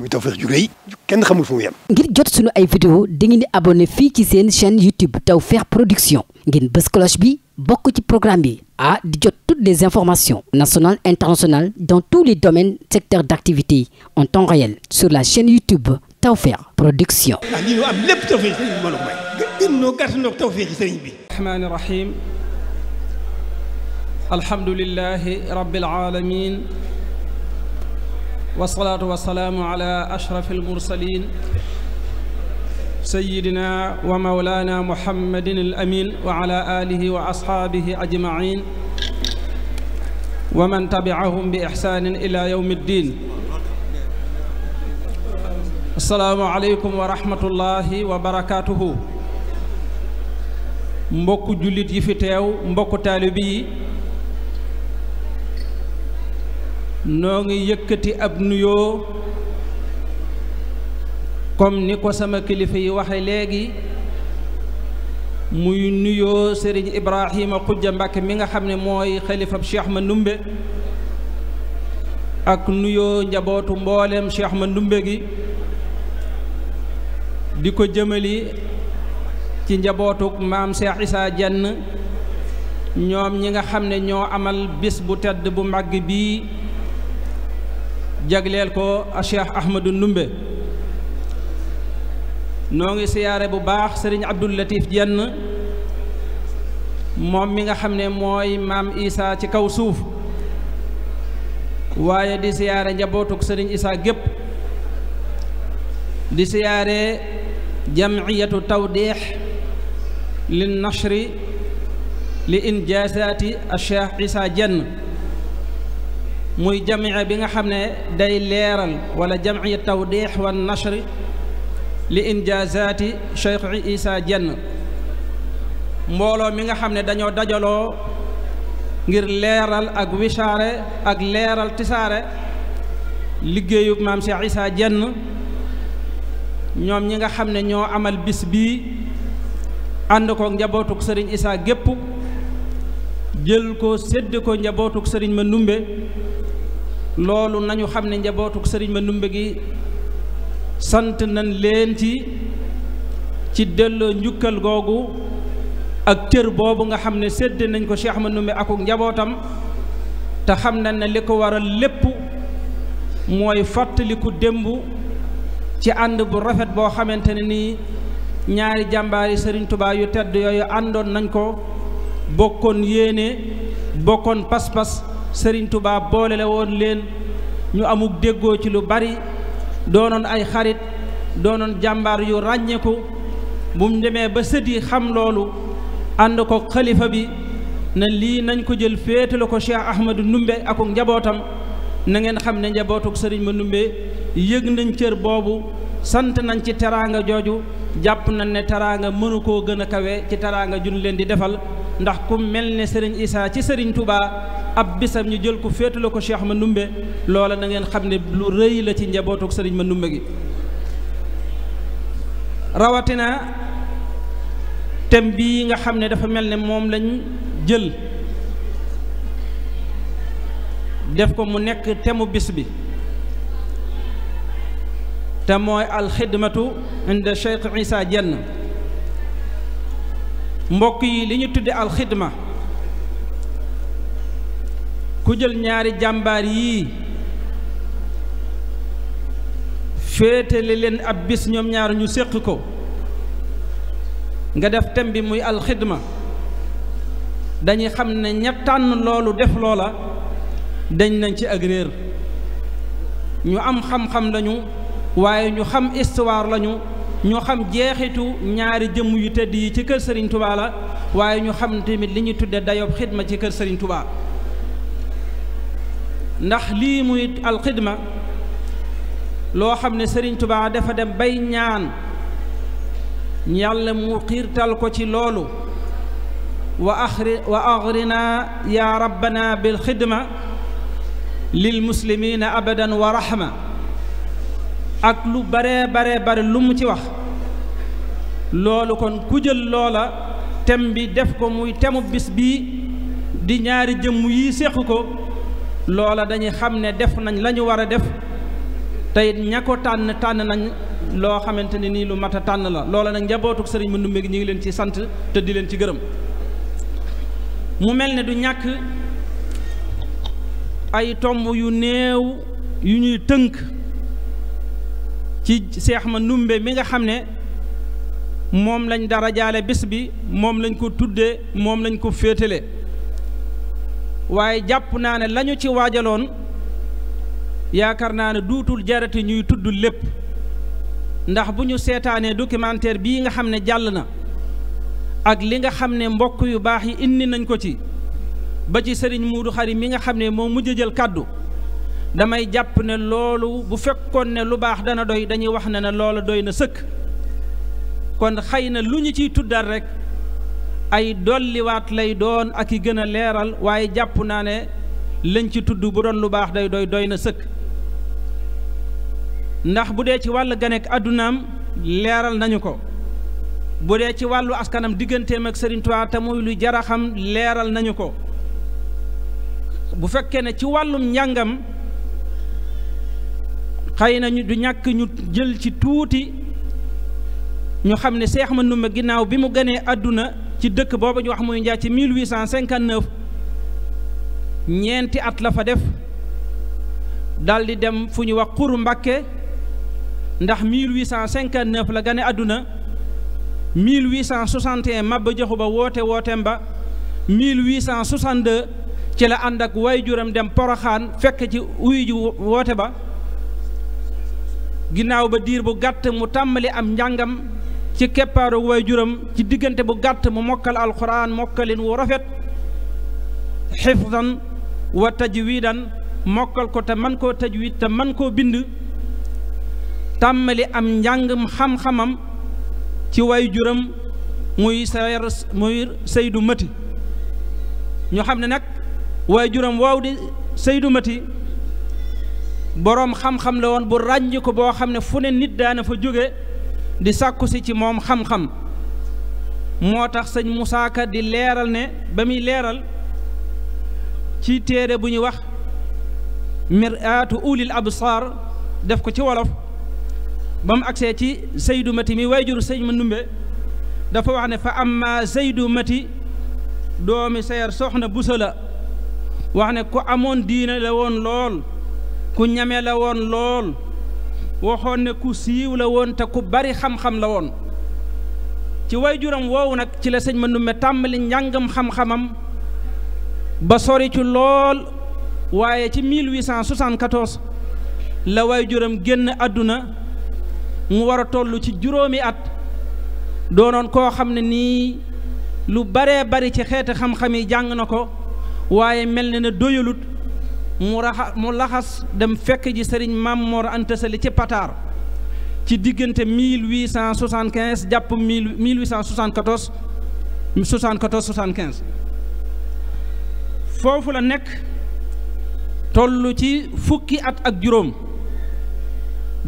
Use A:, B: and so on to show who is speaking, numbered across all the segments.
A: muy Tawfekh ju rëy kenn xamul fu mu ngir jot sunu ay vidéo dangeen di abonné fii ci seen chaîne YouTube Tawfekh Production ngeen bës bi bokk ci programme bi a di jot toutes les informations nationales internationales dans tous les domaines secteurs d'activité en temps réel sur la chaîne YouTube Tawfekh Production. ah lii ñu am lépp Tawfekh sëriñ bi mbooloo mooy. gën gën ñoo gàtt ñoo Tawfekh sëriñ bi. rahmaani rahim alhamdulillahi wasalaatu wasalaamu ala ashraf almursalin sayidina wa maulana muhammadin al amin wa ala alihi wa ashaabihi ajmain wa man tabiahum bi ixsanin ila yawmi ddin asalaamu aleykum wa rahmatullahi wa barakatuhu mbokku jullit yi fi teew mbokku taalibi yi noo ngi yëkkati ab nuyoo comme ni ko sama kilifa yi waxe léegi muy nuyoo sëriñ Ibrahima Khoudia Mbacke mi nga xam ne mooy xalifab ma Mandoumbe ak nuyoo njabootu mbooleem Cheikh Mandoumbe gi di ko jëmali ci njabootuk maam Cheikh Issa Dienne ñoom ñi nga xam ne ñoo amal bis bu tedd bu màgg bii jagleel ko a Cheikh Ahmadou Ndumbe noo ngi siyaare bu baax sëriñ Abdul Latif Jenn moom mi nga xam ne mooy maam Isaa ci kaw suuf waaye di siyaare njabootuk sëriñ Isaa gépp di siyaare jamciyatu tawdiix lin nashri li injaasaati a Cheikh Isaa Jenn muy jamia bi nga xam ne day leeral wala jamia tawdiix wa nashri li injaazaati Cheikh Issa Diène mbooloo mi nga xam ne dañoo dajaloo ngir leeral ak wisaare ak leeral tisaare liggéeyu maam Cheikh Issa Diène ñoom ñi nga xam ne ñoo amal bis bii ànd ko njabootuk sëriñ Issa gépp jël ko sédd ko njabootuk sëriñ Mandoumbe loolu nañu xam ne njabootuk sëriñ ma ndumbe gi sant nañ leen ci ci delloo njukkal googu ak cër boobu nga xam ne sedd nañ ko Cheikh ma ndumbe akuk njabootam te xam nañ ne li ko waral lépp mooy fàttaliku démb ci ànd bu rafet boo xamante ne nii ñaari jàmbaari sëriñ Tuubaa yu tedd yooyu àndoon nañ ko bokkoon yéene bokkoon pas-pas sëriñ tubaab boole la woon leen ñu amuk déggoo ci lu bari doonoon ay xarit doonoon jàmbaar yu ràññeeku bu mu demee ba sët xam loolu ànd ko xalifa bi na lii nañ ko jël féetale ko Cheikh Ahmadou Ndumbe ak njabootam na ngeen xam ne njabootuk sëriñ ma Ndumbe yëg nañ cër boobu sant nañ ci teraanga jooju jàpp nañ ne teraanga mënu ko gën a kawe ci teraanga jun leen di defal ndax ku mel ne sëriñ Issa ci sëriñ Touba ab bisam ñu jël ko féetale ko ma Mandoumbe loola na ngeen xam ne lu rëy la ci njabootuk sëriñ Mandoumbe gi rawatina thème bii nga xam ne dafa mel ni moom lañu jël def ko mu nekk thème bis bi te mooy alxidmatu inda Cheikh Issa Diène mbokk yi li ñu tudde alxidma ku jël ñaari jàmbaar yii féetale leen ab bis ñoom ñaar ñu séq ko nga def thème bi muy alxidma dañuy xam ne ña tànn loolu def loola deñ nañ ci ak réer ñu am xam-xam lañu waaye ñu xam histoire lañu ñu xam jeexitu ñaari jëmm yu tëdd yi ci kër sëriñ Touba la waaye ñu xam tamit li ñuy tudde dayob xidma ci kër sëriñ Touba ndax lii muy alxidma loo xam ne Serigne Touba dafa dem bay ñaan yàlla mu xiirtal ko ci loolu wa axri wa axrina yaa rabbana bil xidma lil muslimina abadan wa rahma ak lu bare bare bare lu mu ci wax loolu kon ku jël loola tem bi def ko muy temu bis bi di ñaari jëmm yi séq ko loola dañuy xam ne def nañ lañu ñu war a def tey ña ko tànn tànn nañ loo xamante ne nii lu mat a tànn la loola nag njabootuk sëriñ Mandumbe gi ñu ngi leen ci sant te di leen ci gërëm mu mel ni du ñàkk ay tomb yu neew yu ñuy tënk ci seex ma numbe mi nga xam ne moom lañ dara jaale bés bi moom lañ ko tuddee moom lañ ko féetale waaye jàpp naa ne lañu ci waajaloon yaakaar naa ne duutul jarati ñuy tudd lépp ndax bu ñu seetaanee documentaire bi nga xam ne jàll na ak li nga xam ne mbokk yu baax yi indi nañ ko ci ba ci sëriñ Muudu Xari mi nga xam ne moo mujj jël kàddu damay jàpp ne loolu bu fekkoon ne lu baax dana doy dañuy wax na ne loola doy na sëkk kon xëy na lu ñu ciy tuddal rek ay dolliwaat lay doon ak i gën a leeral waaye jàpp naa ne lañ ci tudd bu doon lu baax day doy doy na sëkk ndax bu dee ci wàll ganek àddunaam leeral nañu ko bu dee ci wàllu askanam digganteem ak Sëriñ Tuubaa te muy lu jara xam leeral nañu ko bu fekkee ne ci wàllum njàngam xëy nañu du ñàkk ñu jël ci tuuti ñu xam ne Seex Ma Ndumbe ginnaaw bi mu ganee àdduna ci dëkk booba ñu wax muy Njaa ci 1859 ñeenti at la fa def daldi dem fu ñu wax Xuru Mbàkke ndax 1859 la gane àdduna 1861 Maba Jaxu Ba woote wooteem ba 1862 ci la ànd ak waajuram dem Poroxaan fekk ci uyu ji woote ba ginnaaw ba diir bu gàtt mu tàmbali am njàngam ci keppaaru waajuram ci diggante bu gàtt mu mokkal alxuraan mokkalin wu rafet xifdan wa tajwidan mokkal ko te man koo tajwid te man koo bind tàmbali am njàngam xam-xamam ci waajuram muy sayar muy Seydou Mati ñu xam ne nag waajuram waaw di Seydou Mati boroom xam-xam la woon bu ràññ ko boo xam ne fu ne nit daana fa jóge di sàkku si ci moom xam-xam moo tax sëñ musaaka di leeral ne ba muy leeral ci téere bu ñu wax mir'aatu ulil absaar def ko ci wolof ba mu agsee ci Seydou Mati mi wayjuru sëñ ma ndumbe dafa wax ne fa amma Seydou Mati doomi sayar soxna busa la wax ne ku amoon diina la woon lool ku ñeme la woon lool waxoon ne ku siiw la woon te ku bari xam-xam la woon ci waajuram woowu nag ci la sëñ Mandoumbe tàmbali njàngam xam-xamam ba sori lool waaye ci 1874 la waajuram génn àdduna mu war a toll ci juróomi at doonoon koo xam ne nii lu baree bari ci xeeti xam-xam yi jàng na ko waaye mel na ne doyalut mu raxa mu laxas dem fekk ji sëriñ Mamor Anta ci patar ci diggante 1875 jàpp 1874 74 75 foofu la nekk toll ci fukki at ak juróom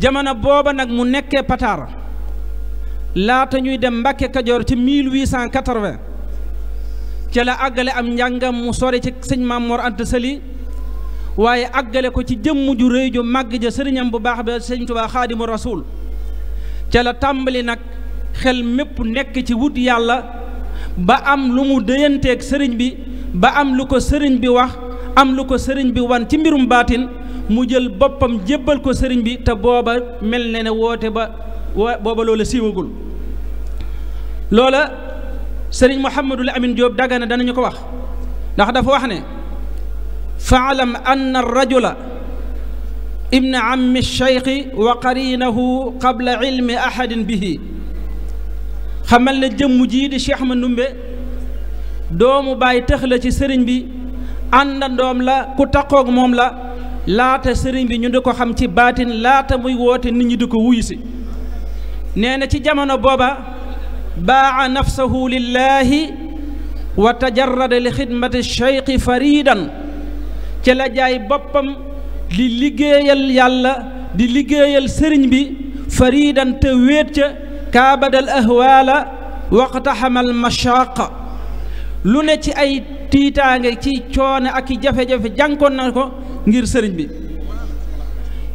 A: jamono booba nag mu nekkee Pataar laata ñuy dem Mbàkke Kajoor ci 1880 ca la àggale am njàngam mu sori ci sëñ Mamor Anta waaye àggale ko ci jëmm ju rëy ju màgg ja sëriñam bu baax ba sëriñ Tuubaa xaadimu rasuul ca la tàmbali nag xel mépp nekk ci wut yàlla ba am lu mu déyanteeg sëriñ bi ba am lu ko sëriñ bi wax am lu ko sëriñ bi wan ci mbirum baatin mu jël boppam jébbal ko sëriñ bi te booba mel na ne woote ba booba loola siiwagul loola sëriñ Mouhamadul Amin Diop Dagana danañu ko wax ndax dafa wax ne faalam anna arrajula ibn ammi cheikhi wa qarinahu qabla ilmi ahadin bihi xamal ne jëmm jii di Cheikh Mandoumbe doomu baay tëx ci sëriñ bi àndandoom la ku taqoog moom la laata sëriñ bi ñu di ko xam ci baatin laata muy woote nit ñi di ko wuyu si nee ci jamono booba baa nafsahu lillahi wa tajarrada li xidmati cheikhi faridan ci jaay boppam di liggéeyal yàlla di liggéeyal sëriñ bi faridan te wéet ca kaabadal ahwaala waqtaxamal mashaaqa lu ne ci ay tiitaange ci coono ak i jafe-jafe jànkoon na ko ngir sëriñ bi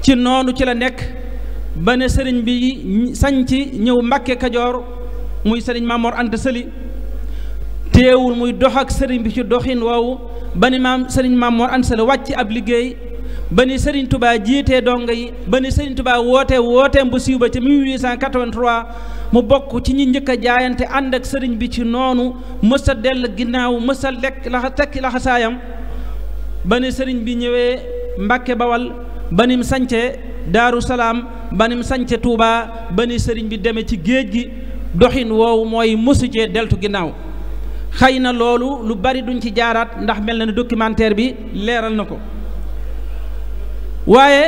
A: ci noonu ci la nekk ba ne sëriñ bi sañc ñëw Mbàkke Kajoor muy sëriñ Maamoor Anta Sëli teewul muy dox ak sëriñ bi ci doxin woowu ba ni maam sëriñ maam Mor Anta wàcc ab liggéey ba ni sëriñ Touba jiitee dongo yi ba ni sëriñ Touba wootee wooteem bu siiw ba ca 1883 mu bokk ci ñi njëkk a jaayante ànd ak sëriñ bi ci noonu mës dell ginnaaw mës a lekk laxa tekki laxasaayam ba sëriñ bi ñëwee Mbàkke Bawal ba ni mu sañce Daaru Salaam ba ni mu sañce Touba sëriñ bi demee ci géej gi doxin woowu mooy mësu cee deltu ginnaaw xëy na loolu lu bari duñ ci jaaraat ndax mel na ne documentaire bi leeral na ko waaye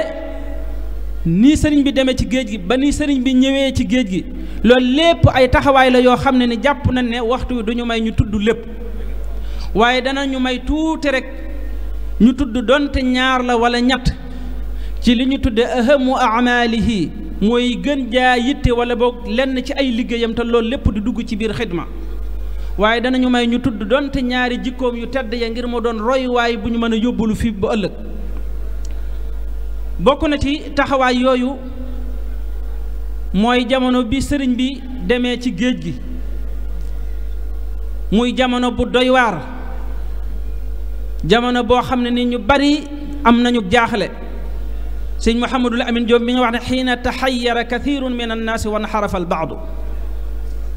A: nii sëriñ bi demee ci géej gi ba ni sëriñ bi ñëwee ci géej gi loolu lépp ay taxawaay la yoo xam ne ni jàpp nañ ne waxtu wi duñu may ñu tudd lépp waaye dana ñu may tuuti rek ñu tudd donte ñaar la walla ñett ci li ñu tudde ahamu amaalihi mooy gën jaa yitte wala boog lenn ci ay liggéeyam te loolu lépp di dugg ci biir xidma waaye danañu may ñu tudd donte ñaari jikkoom yu tedd ya ngir mu doon royuwaay bu ñu mën a yóbbulu fii ba ëllëg bokk na ci taxawaay yooyu mooy jamono bi sëriñ bi demee ci géej gi muy jamono bu doy waar jamono boo xam ne ni ñu bari am nañu jaaxale sëñ Mouhamadul Amin Diop mi nga wax ne xiina taxayara kathirun min annaasi wa xarafal albaadu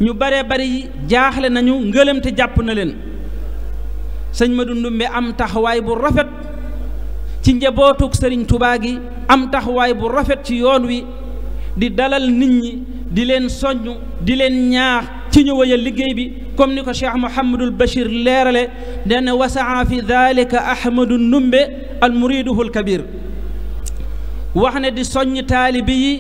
A: ñu baree bari jaaxle nañu ngëlëmte jàpp na leen sëñ Madu Ndumbe am taxawaay bu rafet ci njabootuk sëriñ Tubaa gi am taxawaay bu rafet ci yoon wi di dalal nit ñi di leen soññ di leen ñaax ci ñu wëyal liggéey bi comme ni ko cheikh Mouhamadul Bachir leerale dana wasaa fi dalika Ahmadu Ndumbe al muriduhul kabir wax ne di soññ taalibi yi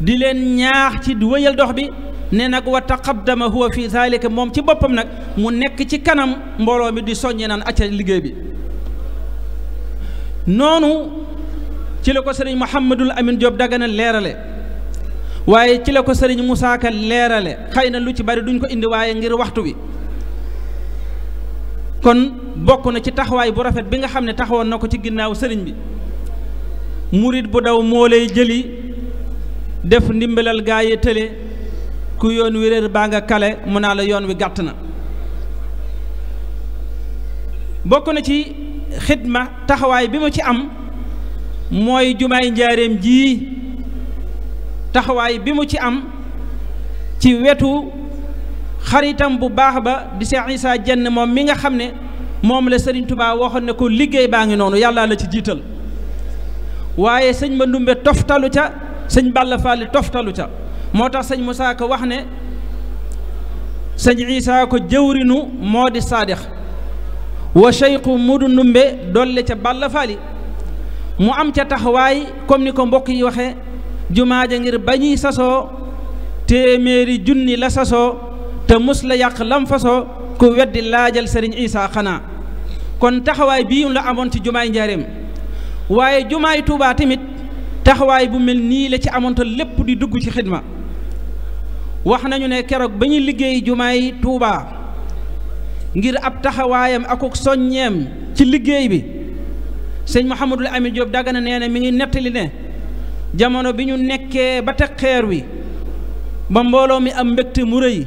A: di leen ñaax ci wëyal dox bi ne nag wa taqaddama huwa fi zalika moom ci boppam nag mu nekk ci kanam mbooloo mi di soññee naan acca liggéey bi noonu ci la ko sëriñ Mouhamadul Amin Diop Dagana leerale waaye ci la ko sëriñ Moussa Ka leerale xëy na lu ci bari duñ ko indi waaye ngir waxtu wi kon bokk na ci taxawaay bu rafet bi nga xam ne taxawoon na ko ci ginnaaw sëriñ bi murit bu daw moo lay jëli def ndimbalal gaa yi tële ku yoon wi réer baa nga kale mu naa la yoon wi gàtt na bokk na ci xidma taxawaay bi mu ci am mooy jumaay njaareem jii taxawaay bi mu ci am ci wetu xaritam bu baax ba di Seex Isaa Jenn moom mi nga xam ne moom la Sëriñ Tuubaa waxoon ne ko liggéey baa ngi noonu yàlla la ci jiital waaye sëñ ma ndumbe toftalu ca sëñ Balla Faali toftalu ca moo tax sañ Moussa ko wax ne sëñ Isaa ko jëwrinu moo di saadix wa cheikhu mudu ndumbe dolle ca Balla Faali mu am ca taxawaay comme ni ko mbokk yi waxe jumaa ja ngir bañuy sasoo téeméeri junni la sasoo te mus la yàq lam fasoo ku weddi laajal sëriñ Isaa xanaa kon taxawaay bii la amoon ci jumaay njaareem waaye jumaay Tuubaa taxawaay bu mel nii la ci amoon te lépp di dugg ci xidma wax nañu ne keroog ba ñuy liggéey jumaay Tuubaa ngir ab taxawaayam akuk soññeem ci liggéey bi sëñ Mouhamadul Amin Diop Dagana nee na mi ngi nettali ne jamono bi ñu nekkee ba teg xeer wi ba mbooloo mi am mbégte mu rëy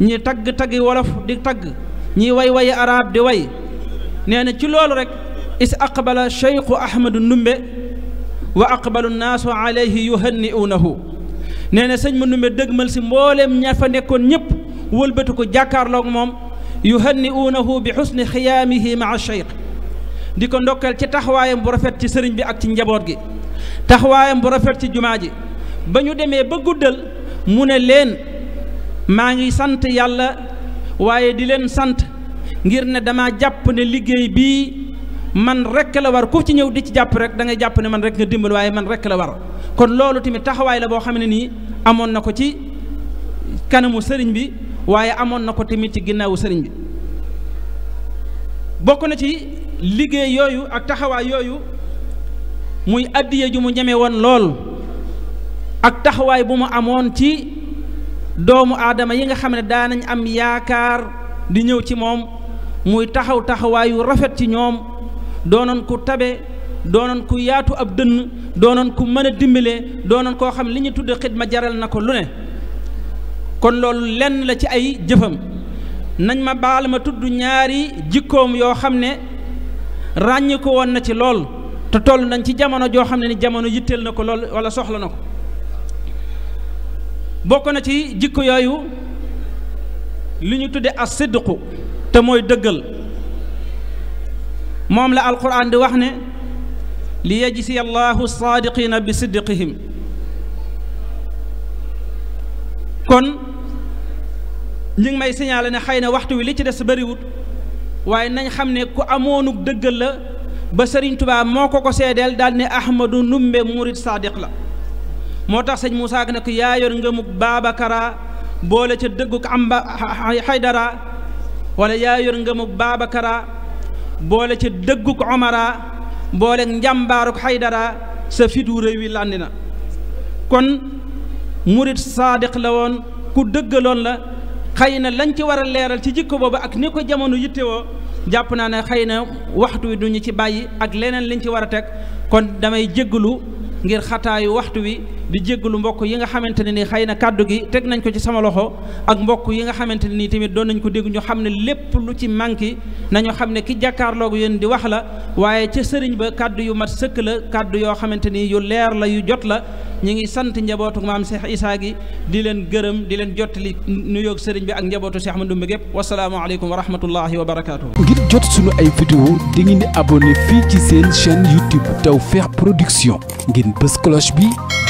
A: ñi tagg taggi wolof di tagg ñi way wayi arab di way nee na ci loolu rek is aqbala cheikhu ahmadu ndumbe wa aqbalu nnaasu alayhi yuhanniunahu nee na sëñ Mandumbe dëgmal si mbooleem ña fa nekkoon ñëpp wëlbati ko jàkkaarloog moom yuhanniuunahu bi xusni xiyaamihi maa cheikh di ko ndokkeel ci taxawaayam bu rafet ci sëriñ bi ak ci njaboot gi taxawaayam bu rafet ci jumaa ji ba ñu demee ba guddal mu ne leen maa ngi sant yàlla waaye di leen sant ngir ne dama jàpp ne liggéey bii man rekk la war ku ci ñëw di ci jàpp rek da ngay jàpp ne man rek nga dimbal waaye man rekk la war kon loolu tamit taxawaay la boo xam ne nii amoon na ko ci kanamu sëriñ bi waaye amoon na ko tamit ci ginnaawu sëriñ bi bokk na ci liggéey yooyu ak taxawaay yooyu muy addiye ju mu ñeme woon lool ak taxawaay bu mu amoon ci doomu aadama yi nga xam ne daanañ am yaakaar di ñëw ci moom muy taxaw taxawaayu rafet ci ñoom doonoon ku tabe doonoon ku yaatu ab dënn doonoon ku mën a dimbale doonoon koo xam li ñu tudd xidma jaral na ko lu ne kon loolu lenn la ci ay jëfam nañ ma baal ma tudd ñaari jikkoom yoo xam ne ràññi woon na ci lool te toll nañ ci jamono joo xam ne ni jamono yitteel na ko lool wala soxla na ko bokk na ci jikko yooyu li ñu tudde as sidqu te mooy dëggal moom la alquran di wax ne li yajziya allahu saadiqina bi siddiqihim kon li ngi may signaler ne xëy na waxtu wi li ci des bariwut waaye nañ xam ne ku amoonug dëggal la ba sëriñ tubaab moo ko ko seedeel daal ne ahmadu numbe murid saadiq la moo tax sëñ Moussa Ka ne ko yaa yor ngëmug baabakara boole ca dëgguk amba xaydara wala yaa yor ngëmug baabakara boole ca dëgguk omara booleeg njàmbaaruk xaydara sa fit wu réew wi làndi na kon murit saadiq la woon ku dëggaloon la xëy na lañ ci war a leeral ci jikko boobu ak ni ko jamono yittewoo jàpp naa ne xëy na waxtu wi duñu ci bàyyi ak leneen lañ ci war a teg kon damay jéggalu ngir xataayu waxtu wi di jéggalu mbokk yi nga xamante ne ni xëy na kàddu gi teg nañ ko ci sama loxo ak mbokk yi nga xamante ne nii tamit doon nañ ko dégg ñu xam ne lépp lu ci manqué nañu xam ne ki jàkkaarloog yéen di wax la waaye ca sëriñ ba kàddu yu mat sëkk la kàddu yoo xamante ni yu leer la yu jot la ñu ngi sant njabootu maam Cheikh Issa gi di leen gërëm di leen jottali nuyoog sëriñ bi ak njabootu Cheikh Ahmadou Mbé gépp wasalaamaaleykum wa rahmatullahi wa barakaatu. ngir jot sunu ay vidéo di ngeen di abonné fii ci seen chaîne YouTube Production bi